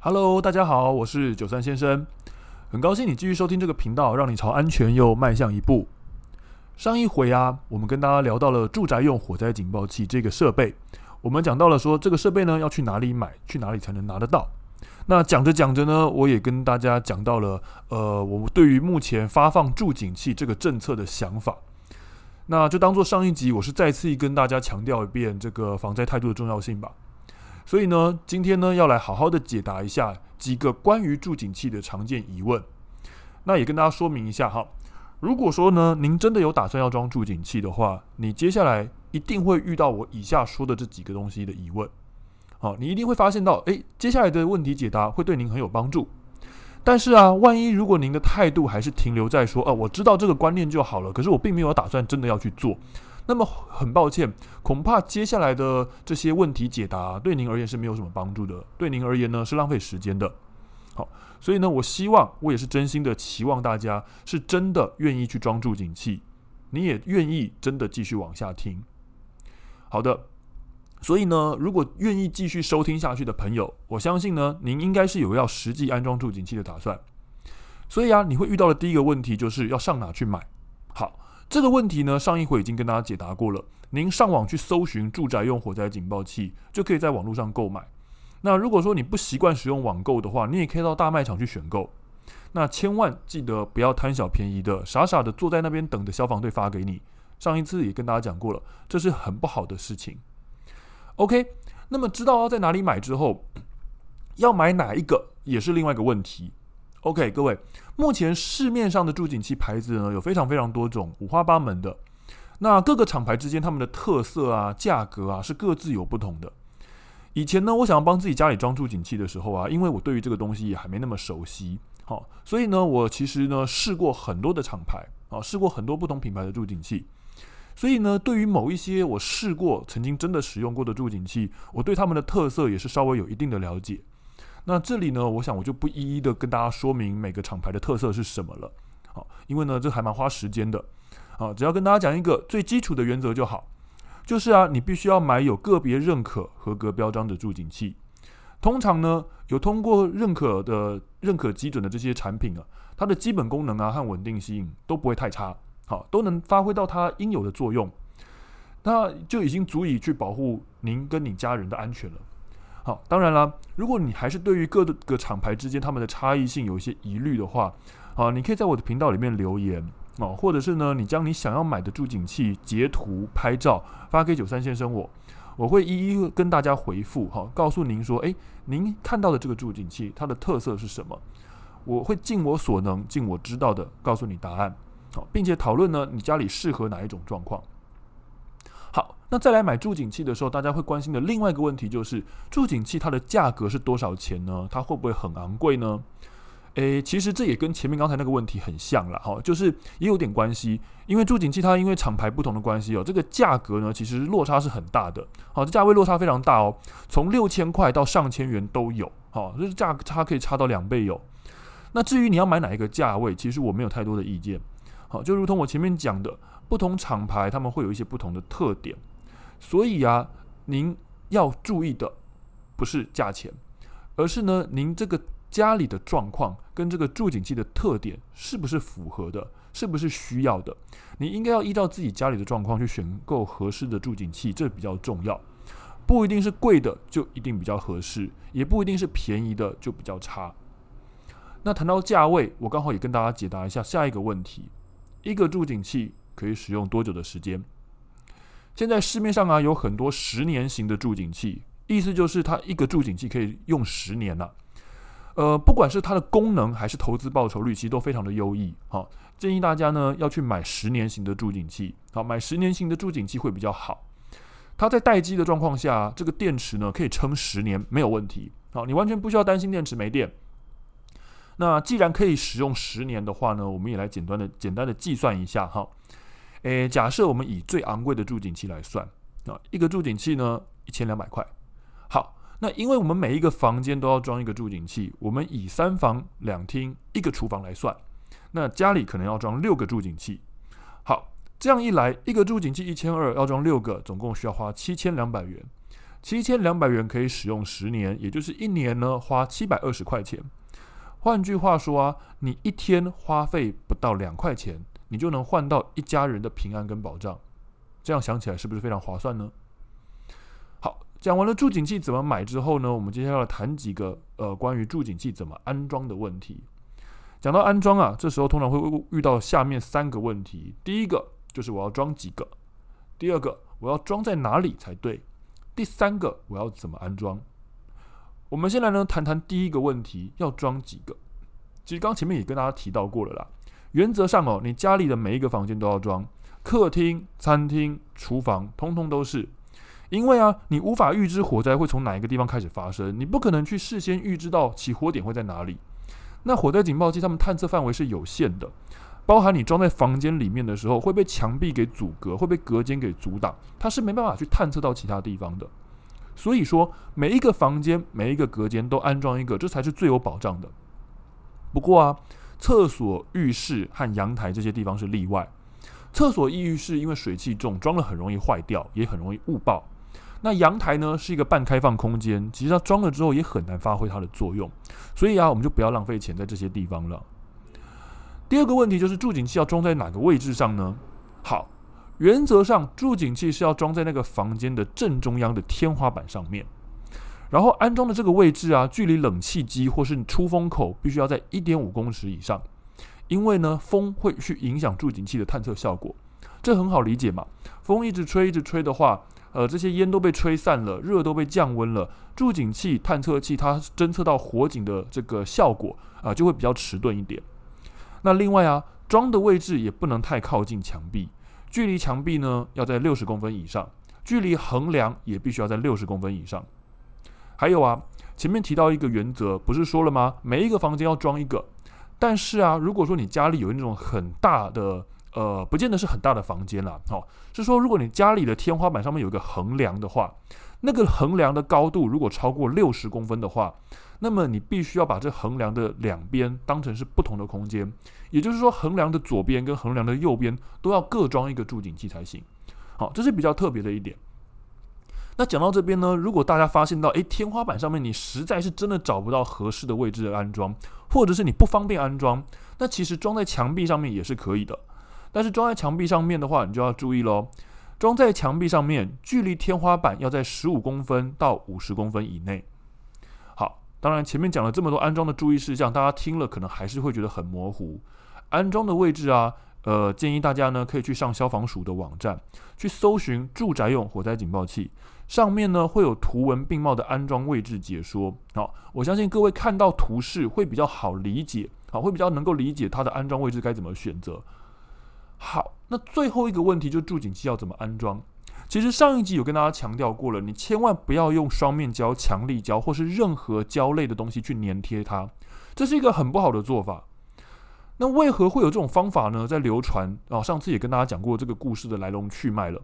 Hello，大家好，我是九三先生，很高興你繼續收聽這個頻道，讓你朝安全又邁向一步。上一回啊，我們跟大家聊到了住宅用火災警報器這個設備，我們講到了說這個設備呢要去哪裡買，去哪裡才能拿得到。那講着講着呢，我也跟大家講到了，呃，我對於目前發放住警器這個政策的想法。那就當做上一集，我是再次跟大家強調一遍這個防災態度的重要性吧。所以呢，今天呢要來好好的解答一下幾個關於住警器的常見疑問。那也跟大家說明一下哈，如果說呢您真的有打算要裝住警器的話，你接下來一定會遇到我以下說的這幾個東西的疑問。好、啊，你一定會發現到，誒、欸，接下來的問題解答會對您很有幫助。但是啊，萬一如果您的態度還是停留在說，哦、呃，我知道這個觀念就好了，可是我並沒有打算真的要去做。那麼很抱歉，恐怕接下來的這些問題解答對您而言是沒有什麼幫助的，對您而言呢是浪費時間的。好，所以呢，我希望我也是真心的期望大家是真的願意去裝住警器，你也願意真的繼續往下聽。好的，所以呢，如果願意繼續收聽下去的朋友，我相信呢，您應該是有要實際安裝住警器的打算。所以啊，你會遇到的第一個問題就是要上哪去買？好。這個問題呢，上一回已經跟大家解答過了。您上網去搜尋住宅用火災警報器，就可以在網絡上購買。那如果說你不習慣使用網購的話，你也可以到大賣場去選購。那千萬記得不要貪小便宜的，傻傻的坐在那邊等着消防隊發給你。上一次也跟大家講過了，這是很不好的事情。OK，那麼知道要在哪裡買之後，要買哪一個也是另外一個問題。OK，各位，目前市面上的住警器牌子呢，有非常非常多種，五花八門的。那各個廠牌之間，他們的特色啊、價格啊，是各自有不同的。以前呢，我想要幫自己家裡裝住警器的時候啊，因為我對於這個東西也還沒那麼熟悉，好、哦，所以呢，我其實呢試過很多的廠牌啊、哦，試過很多不同品牌的住警器。所以呢，對於某一些我試過、曾經真的使用過的住警器，我對他們的特色也是稍微有一定的了解。那這裡呢，我想我就不一一的跟大家說明每個廠牌的特色是什麼了，好，因為呢這還蠻花時間的，好，只要跟大家講一個最基礎的原則就好，就是啊，你必須要買有個別認可合格標章的住警器，通常呢有通過認可的認可基準的這些產品啊，它的基本功能啊和穩定性都不會太差，好，都能發揮到它應有的作用，那就已經足以去保護您跟你家人的安全了。好，當然啦，如果你還是對於各個廠牌之間他們的差異性有一些疑慮的話，好，你可以在我的頻道裡面留言啊，或者是呢，你將你想要買的住警器截圖、拍照發給九三先生我，我會一一跟大家回復，哈，告訴您說，哎，您看到的這個住警器它的特色是什麼？我會盡我所能，盡我知道的，告訴你答案，好，並且討論呢，你家裡適合哪一種狀況。好，那再來買住警器的時候，大家會關心的另外一個問題就是，住警器它的價格是多少錢呢？它會不會很昂貴呢？誒、欸，其實這也跟前面剛才那個問題很像了，哈，就是也有點關係，因為住警器它因為廠牌不同的關係哦，這個價格呢其實落差是很大的，好，這價位落差非常大哦，從六千塊到上千元都有，哈，就是價格差可以差到兩倍有、哦。那至於你要買哪一個價位，其實我沒有太多的意見。好，就如同我前面講的，不同廠牌他們會有一些不同的特點，所以啊，您要注意的不是價錢，而是呢，您這個家裡的狀況跟這個住警器的特點是不是符合的，是不是需要的？你應該要依照自己家裡的狀況去選購合適的住警器，這比較重要。不一定是貴的就一定比較合適，也不一定是便宜的就比較差。那談到價位，我剛好也跟大家解答一下下一個問題。一個住警器可以使用多久的時間？現在市面上啊有很多十年型的住警器，意思就是它一個住警器可以用十年了、啊。呃，不管是它的功能還是投資報酬率，其實都非常的優異。好，建議大家呢要去買十年型的住警器，好買十年型的住警器會比較好。它在待機的狀況下，這個電池呢可以撐十年沒有問題。好，你完全不需要擔心電池沒電。那既然可以使用十年的話呢，我們也來簡單的簡單的計算一下哈。誒，假設我們以最昂貴的住警器來算啊，一個住警器呢一千兩百塊。好，那因為我們每一個房間都要裝一個住警器，我們以三房兩廳一個廚房來算，那家裡可能要裝六個住警器。好，這樣一來一個住警器一千二，要裝六個，總共需要花七千兩百元。七千兩百元可以使用十年，也就是一年呢花七百二十塊錢。換句話說啊，你一天花費不到兩塊錢，你就能換到一家人的平安跟保障，這樣想起來是不是非常划算呢？好，講完了住警器怎麼買之後呢，我們接下來談幾個呃關於住警器怎麼安裝的問題。講到安裝啊，這時候通常會遇到下面三個問題：第一個就是我要裝幾個；第二個我要裝在哪裡才對；第三個我要怎麼安裝？我們先來呢談談第一個問題，要裝幾個？其實剛前面也跟大家提到過了啦，原則上哦，你家裡的每一個房間都要裝，客廳、餐廳、廚房，通通都是。因為啊，你無法預知火災會從哪一個地方開始發生，你不可能去事先預知到起火點會在哪裡。那火災警報器它們探測範圍是有限的，包含你裝在房間裡面的時候，會被牆壁給阻隔，會被隔間給阻擋，它是沒辦法去探測到其他地方的。所以說，每一個房間、每一個隔間都安裝一個，這才是最有保障的。不過啊，廁所、浴室和陽台這些地方是例外。廁所、浴室因為水氣重，裝了很容易壞掉，也很容易誤報。那陽台呢，是一個半開放空間，其實它裝了之後也很難發揮它的作用。所以啊，我們就不要浪費錢在這些地方了。第二個問題就是，住警器要裝在哪個位置上呢？好。原則上，住警器是要裝在那個房間的正中央的天花板上面，然後安裝的這個位置啊，距離冷氣機或是出風口必須要在一點五公尺以上，因為呢，風會去影響住警器的探測效果。這很好理解嘛，風一直吹，一直吹的話，呃，這些煙都被吹散了，熱都被降溫了，住警器探測器它偵測到火警的這個效果啊、呃，就會比較遲鈍一點。那另外啊，裝的位置也不能太靠近牆壁。距離牆壁呢，要在六十公分以上；距離橫梁也必須要在六十公分以上。還有啊，前面提到一個原則，不是說了嗎？每一個房間要裝一個。但是啊，如果說你家裡有那種很大的，呃，不見得是很大的房間啦，哦，是說如果你家裡的天花板上面有一個橫梁的話。那個橫梁的高度如果超過六十公分的話，那麼你必須要把這橫梁的兩邊當成是不同的空間，也就是說，橫梁的左邊跟橫梁的右邊都要各裝一個住警器才行。好，這是比較特別的一點。那講到這邊呢，如果大家發現到，誒，天花板上面你實在是真的找不到合適的位置的安裝，或者是你不方便安裝，那其實裝在牆壁上面也是可以的。但是裝在牆壁上面的話，你就要注意嘍。裝在牆壁上面，距離天花板要在十五公分到五十公分以內。好，當然前面講了這麼多安裝的注意事項，大家聽了可能還是會覺得很模糊。安裝的位置啊，呃，建議大家呢可以去上消防署的網站，去搜尋住宅用火災警報器，上面呢會有圖文並茂的安裝位置解說。好，我相信各位看到圖示會比較好理解，好，會比較能夠理解它的安裝位置該怎麼選擇。好，那最後一個問題就是：住警器要怎麼安裝？其實上一集有跟大家強調過了，你千萬不要用雙面膠、強力膠或是任何膠類的東西去粘貼它，這是一個很不好的做法。那為何會有這種方法呢？在流傳啊，上次也跟大家講過這個故事的來龍去脈了。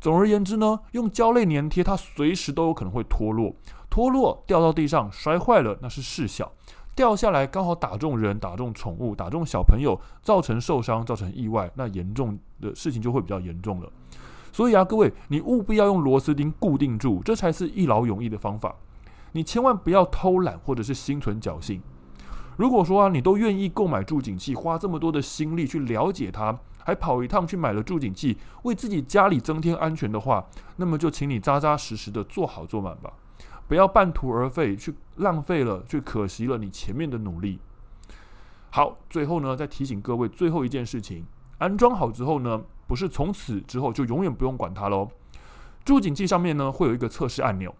總而言之呢，用膠類粘貼它，隨時都有可能會脫落，脫落掉到地上摔壞了，那是事小。掉下來剛好打中人、打中寵物、打中小朋友，造成受傷、造成意外，那嚴重的事情就會比較嚴重了。所以啊，各位，你務必要用螺絲釘固定住，這才是一勞永逸的方法。你千萬不要偷懶或者是心存僥幸。如果說啊，你都願意購買住警器，花這麼多的心力去了解它，還跑一趟去買了住警器，為自己家裡增添安全的話，那麼就請你扎扎實實的做好做滿吧。不要半途而廢，去浪費了，去可惜了你前面的努力。好，最後呢，再提醒各位，最後一件事情，安裝好之後呢，不是從此之後就永遠不用管它嘍。住警器上面呢，會有一個測試按鈕，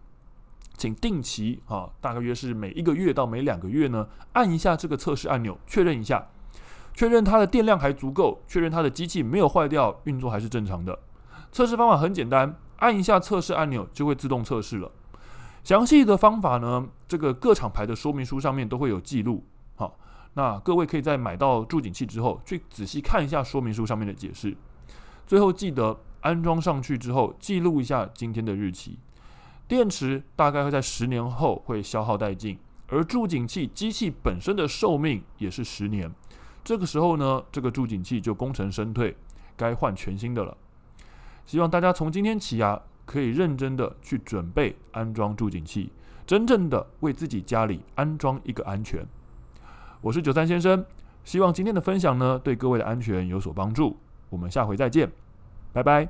請定期啊，大約是每一個月到每兩個月呢，按一下這個測試按鈕，確認一下，確認它的電量還足夠，確認它的機器沒有壞掉，運作還是正常的。測試方法很簡單，按一下測試按鈕就會自動測試了。詳細的方法呢，這個各廠牌的說明書上面都會有記錄。好，那各位可以在買到住警器之後，去仔細看一下說明書上面的解釋。最後記得安裝上去之後，記錄一下今天的日期。電池大概會在十年後會消耗殆盡，而住警器機器本身的壽命也是十年。這個時候呢，這個住警器就功成身退，該換全新的了。希望大家從今天起啊。可以認真的去準備安裝住警器，真正的為自己家裡安裝一個安全。我是九三先生，希望今天的分享呢，對各位的安全有所幫助。我們下回再見，拜拜。